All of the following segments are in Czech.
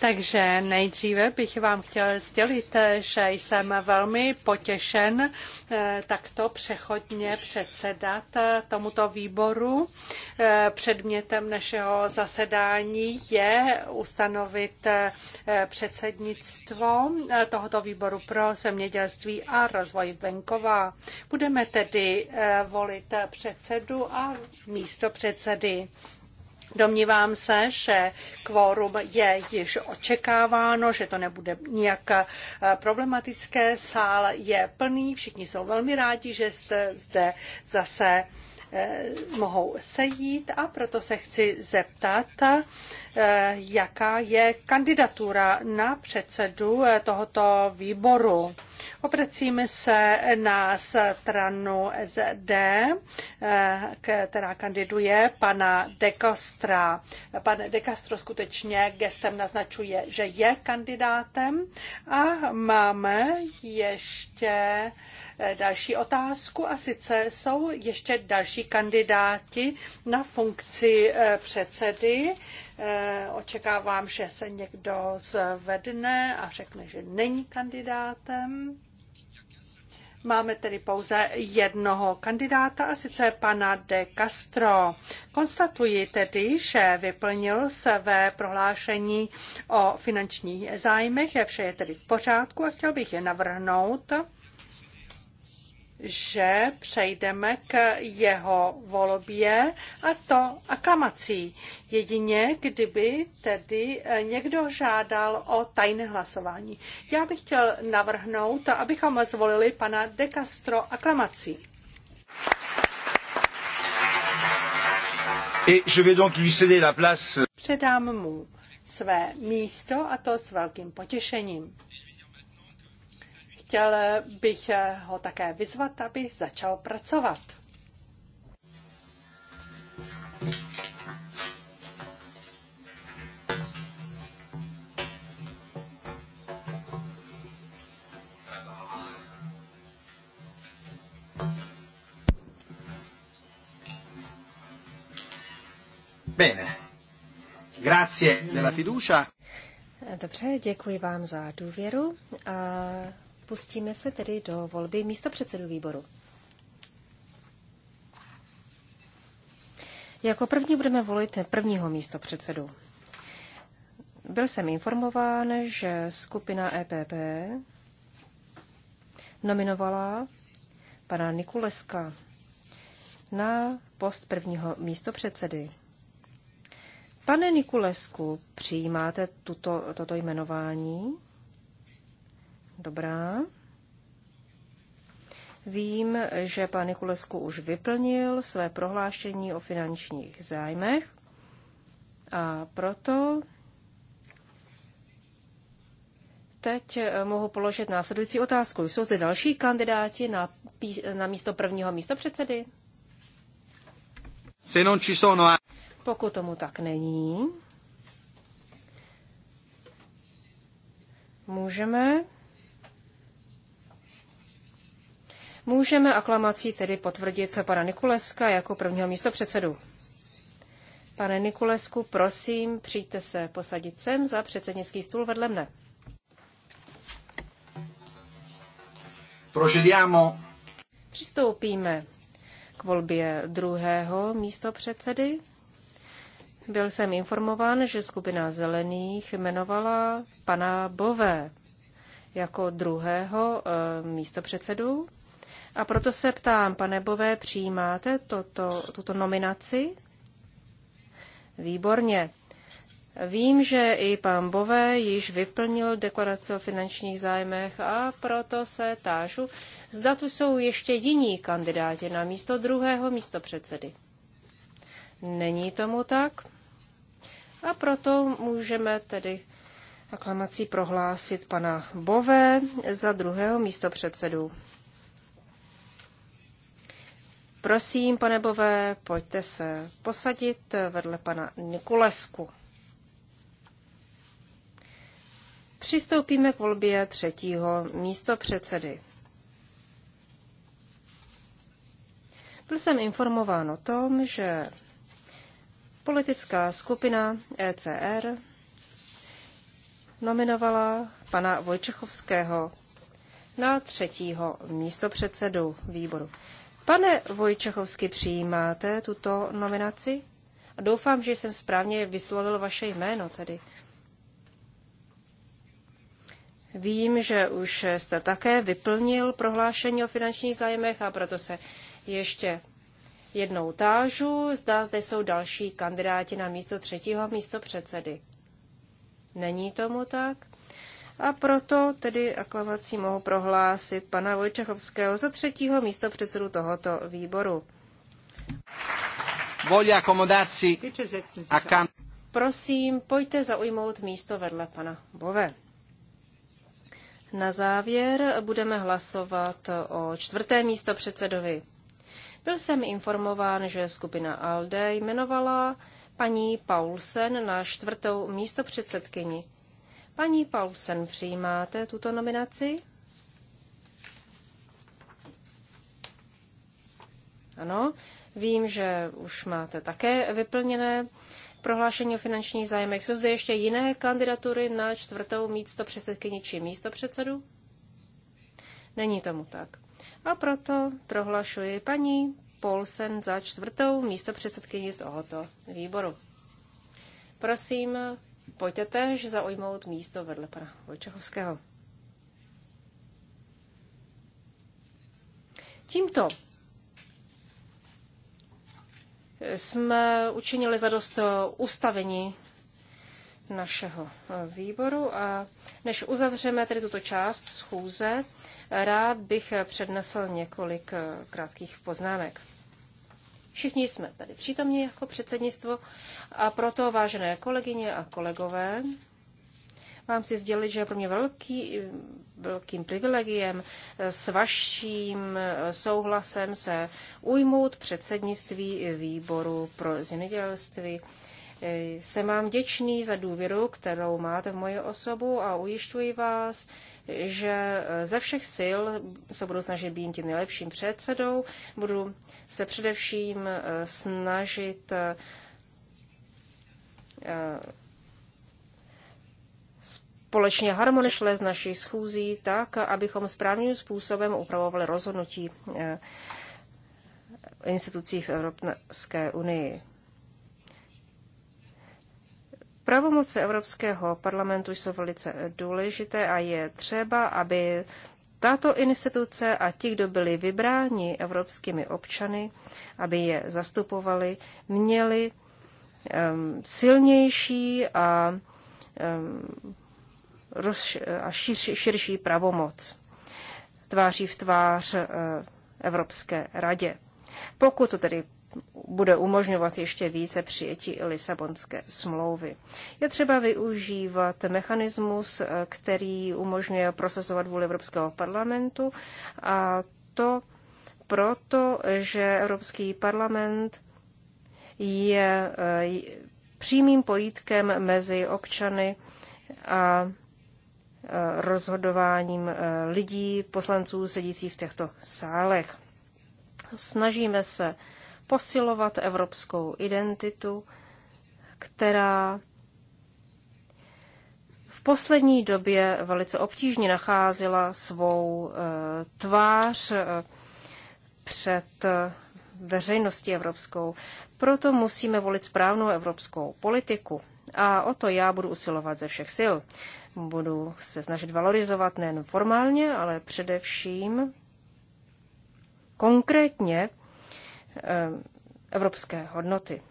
Takže nejdříve bych vám chtěl sdělit, že jsem velmi potěšen eh, takto přechodně předsedat eh, tomuto výboru. Eh, předmětem našeho zasedání je ustanovit předsednictvo tohoto výboru pro zemědělství a rozvoj venkova. Budeme tedy volit předsedu a místo předsedy. Domnívám se, že kvórum je již očekáváno, že to nebude nijak eh, problematické. Sál je plný, všichni jsou velmi rádi, že jste zde zase Eh, mohou sejít a proto se chci zeptat, eh, jaká je kandidatura na předsedu eh, tohoto výboru. Obracíme se na stranu SD, která kandiduje pana De Castro. Pan De Castro skutečně gestem naznačuje, že je kandidátem a máme ještě další otázku a sice jsou ještě další kandidáti na funkci eh, předsedy. Eh, očekávám, že se někdo zvedne a řekne, že není kandidátem. Máme tedy pouze jednoho kandidáta, a sice pana de Castro. Konstatuji tedy, že vyplnil se ve prohlášení o finančních zájmech, Je vše je tedy v pořádku a chtěl bych je navrhnout že přejdeme k jeho volbě a to aklamací. Jedině, kdyby tedy eh, někdo žádal o tajné hlasování. Já bych chtěl navrhnout, abychom zvolili pana De Castro aklamací. Et je vais donc lui céder la place. Předám mu své místo a to s velkým potěšením chtěl bych ho také vyzvat, aby začal pracovat. Bene. Grazie della fiducia. Dobře, děkuji vám za důvěru. A Pustíme se tedy do volby místo předsedu výboru. Jako první budeme volit prvního místo předsedu. Byl jsem informován, že skupina EPP nominovala pana Nikuleska na post prvního místo předsedy. Pane Nikulesku, přijímáte tuto, toto jmenování? Dobrá. Vím, že pan Nikulesku už vyplnil své prohlášení o finančních zájmech a proto teď mohu položit následující otázku. Jsou zde další kandidáti na, na místo prvního místo předsedy? Se non ci sono a... Pokud tomu tak není, můžeme Můžeme aklamací tedy potvrdit pana Nikuleska jako prvního místo předsedu. Pane Nikulesku, prosím, přijďte se posadit sem za předsednický stůl vedle mne. Prožidiamo. Přistoupíme k volbě druhého místo předsedy. Byl jsem informován, že skupina zelených jmenovala pana Bové jako druhého eh, místopředsedu a proto se ptám, pane Bové, přijímáte toto, tuto nominaci? Výborně. Vím, že i pan Bové již vyplnil deklaraci o finančních zájmech a proto se tážu, zda tu jsou ještě jiní kandidáti na místo druhého místo předsedy. Není tomu tak? A proto můžeme tedy aklamací prohlásit pana Bové za druhého místo předsedu. Prosím, pane Bové, pojďte se posadit vedle pana Nikulesku. Přistoupíme k volbě třetího místopředsedy. Byl jsem informován o tom, že politická skupina ECR nominovala pana Vojčechovského na třetího místopředsedu výboru. Pane Vojčechovský, přijímáte tuto nominaci? A doufám, že jsem správně vyslovil vaše jméno tedy. Vím, že už jste také vyplnil prohlášení o finančních zájmech a proto se ještě jednou tážu. Zdá, zde jsou další kandidáti na místo třetího místo předsedy. Není tomu tak? a proto tedy aklamací mohu prohlásit pana Vojčechovského za třetího místo předsedu tohoto výboru. Prosím, pojďte zaujmout místo vedle pana Bove. Na závěr budeme hlasovat o čtvrté místo předsedovi. Byl jsem informován, že skupina ALDE jmenovala paní Paulsen na čtvrtou místo předsedkyni. Paní Paulsen, přijímáte tuto nominaci? Ano, vím, že už máte také vyplněné prohlášení o finančních zájmech. Jsou zde ještě jiné kandidatury na čtvrtou místo předsedkyni či místo předsedu? Není tomu tak. A proto prohlašuji paní Paulsen za čtvrtou místo předsedkyni tohoto výboru. Prosím, Pojďte tež zaujmout místo vedle pana Vojčachovského. Tímto jsme učinili zadost ustavení našeho výboru a než uzavřeme tedy tuto část schůze, rád bych přednesl několik krátkých poznámek. Všichni jsme tady přítomní jako předsednictvo a proto, vážené kolegyně a kolegové, vám si sdělit, že je pro mě velký, velkým privilegiem s vaším souhlasem se ujmout předsednictví výboru pro zemědělství. Jsem vám děčný za důvěru, kterou máte v moji osobu a ujišťuji vás, že ze všech sil se budu snažit být tím nejlepším předsedou. Budu se především eh, snažit eh, společně harmonišle z naší schůzí tak, abychom správným způsobem upravovali rozhodnutí eh, institucí v Evropské unii. Pravomoce Evropského parlamentu jsou velice důležité a je třeba, aby tato instituce a ti, kdo byli vybráni evropskými občany, aby je zastupovali, měli um, silnější a, um, roz, a širší, šir, širší pravomoc tváří v tvář uh, Evropské radě. Pokud to tedy bude umožňovat ještě více přijetí Lisabonské smlouvy. Je třeba využívat mechanismus, eh, který umožňuje procesovat vůli Evropského parlamentu a to proto, že Evropský parlament je eh, přímým pojítkem mezi občany a eh, rozhodováním lidí, poslanců sedících v těchto sálech. Snažíme se posilovat evropskou identitu, která v poslední době velice obtížně nacházela svou eh, tvář eh, před eh, veřejností evropskou. Proto musíme volit správnou evropskou politiku. A o to já budu usilovat ze všech sil. Budu se snažit valorizovat nejen formálně, ale především konkrétně Eh, evropské hodnoty.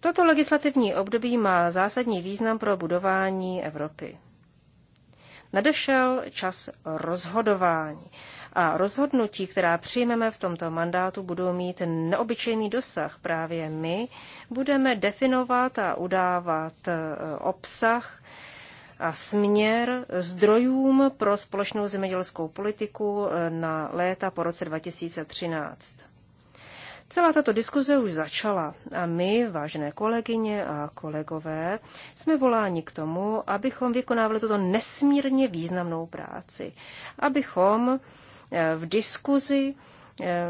Toto legislativní období má zásadní význam pro budování Evropy. Nadešel čas rozhodování a rozhodnutí, která přijmeme v tomto mandátu, budou mít neobyčejný dosah. Právě my budeme definovat a udávat eh, obsah a směr zdrojům pro společnou zemědělskou politiku eh, na léta po roce 2013. Celá tato diskuze už začala a my, vážené kolegyně a kolegové, jsme voláni k tomu, abychom vykonávali tuto nesmírně významnou práci. Abychom eh, v diskuzi eh,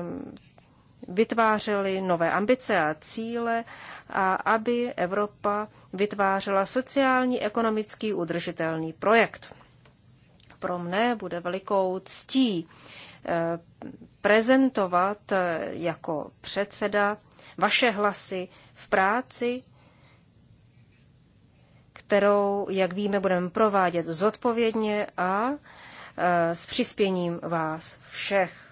vytvářely nové ambice a cíle a aby Evropa vytvářela sociální, ekonomický, udržitelný projekt. Pro mne bude velikou ctí eh, prezentovat eh, jako předseda vaše hlasy v práci, kterou, jak víme, budeme provádět zodpovědně a eh, s přispěním vás všech.